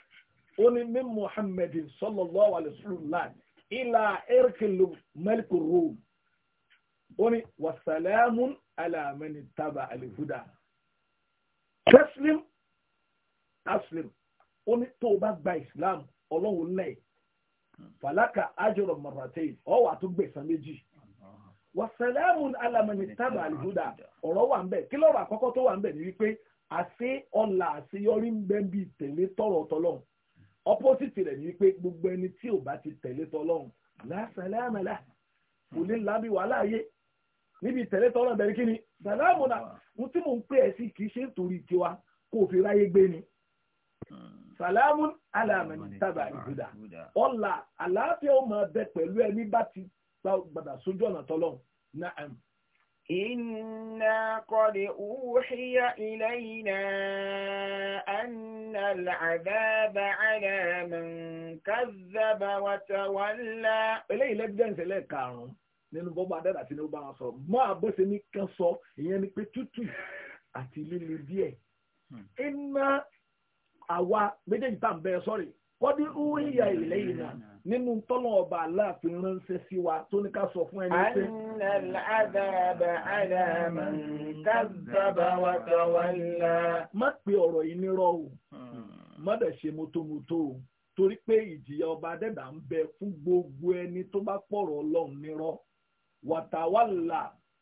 ó ní min muhammadin sallallahu alayhi wa sallam ilà erkilu malik rum ó ní wasalamun alamani taba alihuda taslim aslim ó ní tó o bá gba islam ọlọ́run lẹ́yìn falaka ajọ̀rọ̀ mọ̀ràtẹ́yìn ọ̀wà tó gbẹ̀sán méjì wasalamu alamani taba alihuda ọ̀rọ̀ wà ń bẹ̀ kí lọ́rọ̀ àkọ́kọ́ tó wà ń bẹ̀ ni wípé àṣẹ ọ̀la àṣeyọrí ń bẹ́ bí tẹ̀lé tọrọ tọlọ́hún opposite rẹ̀ ni wípé gbogbo ẹni tí ò bá ti tẹ̀lé tọlọ́hún lásàlámàlà kò lè lábí wàhálà ayé níbi tẹ̀lé tọrọ bẹ̀rẹ̀ kí ni sàlámù náà mo tí mò ń pè ẹ́ sí kì í ṣe nítorí tiwa kó o fi ráyé gbé ni sàlámù alamani taba alihuda ọ̀la àlàáfíà ó máa bẹ pẹ̀lú ẹni bá ti gbàdà sójú ọ̀nà tọ́lọ́hún náà. إنا قد أوحي إلينا أن العذاب على من كذب وتولى eléyìí lẹ́gbẹ̀nsẹ̀ lẹ́ẹ̀karùn-ún nínú bọ́bá adára tí ní bá wọn sọ mọ́ àbọ̀sẹ̀ ní kan sọ ìyẹn ni pé tútù àti líle díẹ̀ hmm. iná àwa méjèèjì tá à ń bẹ sọ́rí wọ́n dín ó yíya nínú tọ́lọ̀ ọba aláàfin ránṣẹ́ sí wa tó ní ká sọ fún ẹni pé. anna al-adaba ala man kazzaba wa tawalla. má pe ọ̀rọ̀ yìí nírọ̀ o hmm. má dẹ̀ ṣe mọ́tòmọ́tò o torí pé ìjìyà ọba adẹ́dà ń bẹ fún gbogbo ẹni tó bá pọ̀rọ̀ ọlọ́run nírọ̀ wa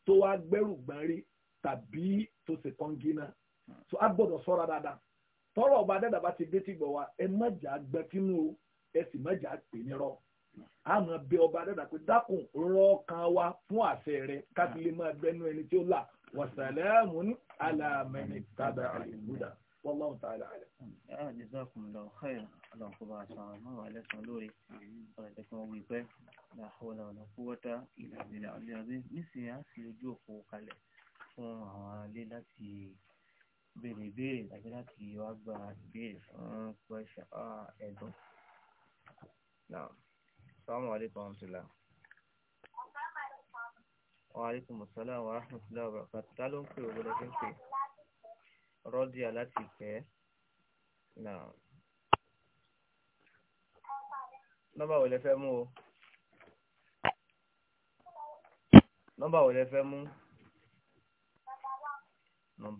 tó wá gbẹ́rù gbárí tàbí tó ṣe kọ́ngínà so a gbọ́dọ̀ sọ́ra dáadáa tọ́rọ̀ ọba adẹ́dà bá ti dé tìgbọ̀ wa ẹ má jà gbẹ́tínú o. ẹ sì mẹ́jà pè ní rọ àmọ́ bẹ ọba dàdà pé dákun rọ kan wa fún àṣẹ rẹ kábílẹ̀ máa bẹnu ẹni tí ó là wàsálàmù alàmẹ́ni tábà àlùbúdà wallahu ta'ala alam. ẹ ẹ jazakumullahu khairan Ọlọ́run kó bá a san ọmọ wa lẹsàn lórí ọ̀rọ̀ ìjọba wọn wípé la hawla wala quwwata illa fún àwọn alẹ́ láti béèrè ìbéèrè tàbí láti wá gba ìbéèrè fún pẹ́ṣẹ́ ẹ̀dùn. Naam. Assalamu alaikum warahmatullah. Wa alaikum assalam wa rahmatullah wa barakatuh. Ta ló ń pè ògbọ́dọ̀ tó ń pè? Rọ́díà láti ìfẹ́. Naam. Nọ́mbà wo lẹ fẹ́ mú o? Nọ́mbà wo lẹ fẹ́ mú?